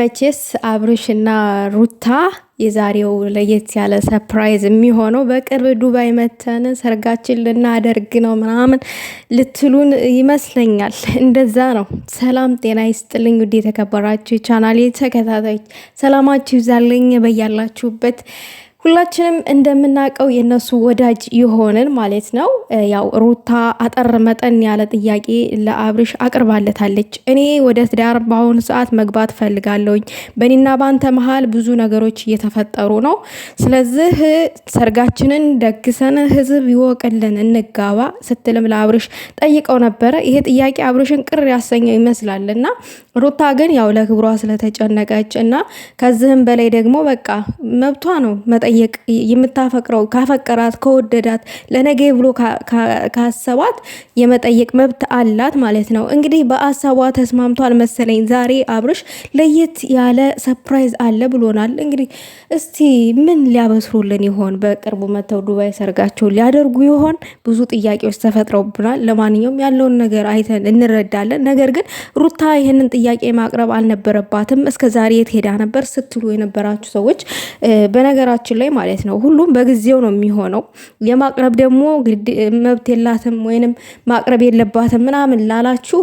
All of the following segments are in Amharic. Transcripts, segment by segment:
መቼስ አብርሽና ሩታ የዛሬው ለየት ያለ ሰርፕራይዝ የሚሆነው በቅርብ ዱባይ መተን ሰርጋችን ልናደርግ ነው ምናምን ልትሉን ይመስለኛል። እንደዛ ነው። ሰላም ጤና ይስጥልኝ ውድ የተከበራችሁ ቻናል ተከታታዮች፣ ሰላማችሁ ይብዛልኝ በያላችሁበት ሁላችንም እንደምናውቀው የእነሱ ወዳጅ የሆንን ማለት ነው። ያው ሩታ አጠር መጠን ያለ ጥያቄ ለአብርሽ አቅርባለታለች። እኔ ወደ ትዳር በአሁኑ ሰዓት መግባት ፈልጋለሁኝ። በእኔና ባንተ መሀል ብዙ ነገሮች እየተፈጠሩ ነው። ስለዚህ ሰርጋችንን ደግሰን ህዝብ ይወቅልን፣ እንጋባ ስትልም ለአብርሽ ጠይቀው ነበረ። ይሄ ጥያቄ አብርሽን ቅር ያሰኘው ይመስላል እና ሩታ ግን ያው ለክብሯ ስለተጨነቀች እና ከዚህም በላይ ደግሞ በቃ መብቷ ነው መጠ የምታፈቅረው ካፈቀራት ከወደዳት ለነገ ብሎ ካሰባት የመጠየቅ መብት አላት ማለት ነው። እንግዲህ በአሳቧ ተስማምቷል መሰለኝ። ዛሬ አብርሽ ለየት ያለ ሰፕራይዝ አለ ብሎናል። እንግዲህ እስቲ ምን ሊያበስሩልን ይሆን? በቅርቡ መተው ዱባይ ሰርጋቸው ሊያደርጉ ይሆን? ብዙ ጥያቄዎች ተፈጥረውብናል። ለማንኛውም ያለውን ነገር አይተን እንረዳለን። ነገር ግን ሩታ ይህንን ጥያቄ ማቅረብ አልነበረባትም። እስከዛሬ የት ሄዳ ነበር ስትሉ የነበራችሁ ሰዎች በነገራችን ላይ ማለት ነው። ሁሉም በጊዜው ነው የሚሆነው። የማቅረብ ደግሞ መብት የላትም ወይንም ማቅረብ የለባትም ምናምን ላላችሁ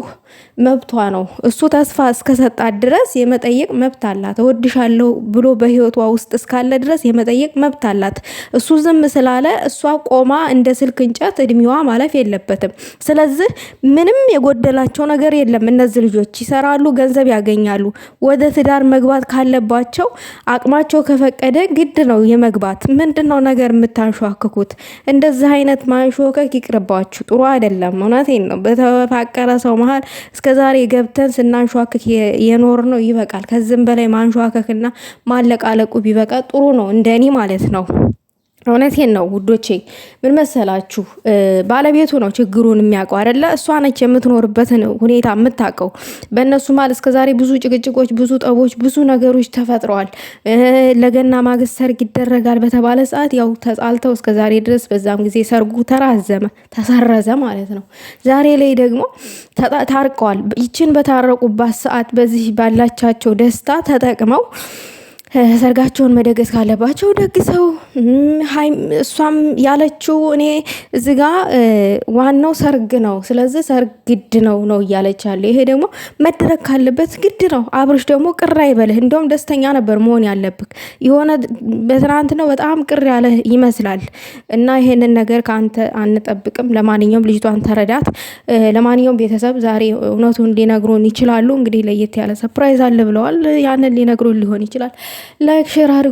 መብቷ ነው። እሱ ተስፋ እስከሰጣት ድረስ የመጠየቅ መብት አላት። እወድሻለሁ ብሎ በህይወቷ ውስጥ እስካለ ድረስ የመጠየቅ መብት አላት። እሱ ዝም ስላለ እሷ ቆማ እንደ ስልክ እንጨት እድሜዋ ማለፍ የለበትም። ስለዚህ ምንም የጎደላቸው ነገር የለም። እነዚህ ልጆች ይሰራሉ፣ ገንዘብ ያገኛሉ። ወደ ትዳር መግባት ካለባቸው አቅማቸው ከፈቀደ ግድ ነው መግባት ምንድን ነው ነገር የምታንሸዋክኩት? እንደዚህ አይነት ማንሾከክ ይቅርባችሁ፣ ጥሩ አይደለም። እውነቴን ነው። በተፋቀረ ሰው መሀል እስከ ዛሬ ገብተን ስናንሸዋክክ የኖር ነው ይበቃል። ከዚህም በላይ ማንሸዋከክና ማለቃለቁ ቢበቃ ጥሩ ነው፣ እንደኔ ማለት ነው። እውነቴን ነው ውዶቼ፣ ምን መሰላችሁ፣ ባለቤቱ ነው ችግሩን የሚያውቀው አይደለ? እሷ ነች የምትኖርበትን ሁኔታ የምታውቀው። በእነሱ ማል እስከዛሬ ብዙ ጭቅጭቆች፣ ብዙ ጠቦች፣ ብዙ ነገሮች ተፈጥረዋል። ለገና ማግስት ሰርግ ይደረጋል በተባለ ሰዓት ያው ተጻልተው እስከዛሬ ድረስ በዛም ጊዜ ሰርጉ ተራዘመ፣ ተሰረዘ ማለት ነው። ዛሬ ላይ ደግሞ ታርቀዋል። ይችን በታረቁባት ሰዓት በዚህ ባላቻቸው ደስታ ተጠቅመው ሰርጋቸውን መደገስ ካለባቸው ደግሰው፣ እሷም ያለችው እኔ እዚ ጋ ዋናው ሰርግ ነው፣ ስለዚህ ሰርግ ግድ ነው ነው እያለች ያለ ይሄ ደግሞ መደረግ ካለበት ግድ ነው። አብርሽ ደግሞ ቅር አይበልህ፣ እንደውም ደስተኛ ነበር መሆን ያለብህ። የሆነ በትናንት ነው በጣም ቅር ያለ ይመስላል። እና ይሄንን ነገር ከአንተ አንጠብቅም። ለማንኛውም ልጅቷን ተረዳት። ለማንኛውም ቤተሰብ ዛሬ እውነቱን ሊነግሩን ይችላሉ። እንግዲህ ለየት ያለ ሰፕራይዝ አለ ብለዋል። ያንን ሊነግሩን ሊሆን ይችላል። ላይክ ሼር አድርጉ።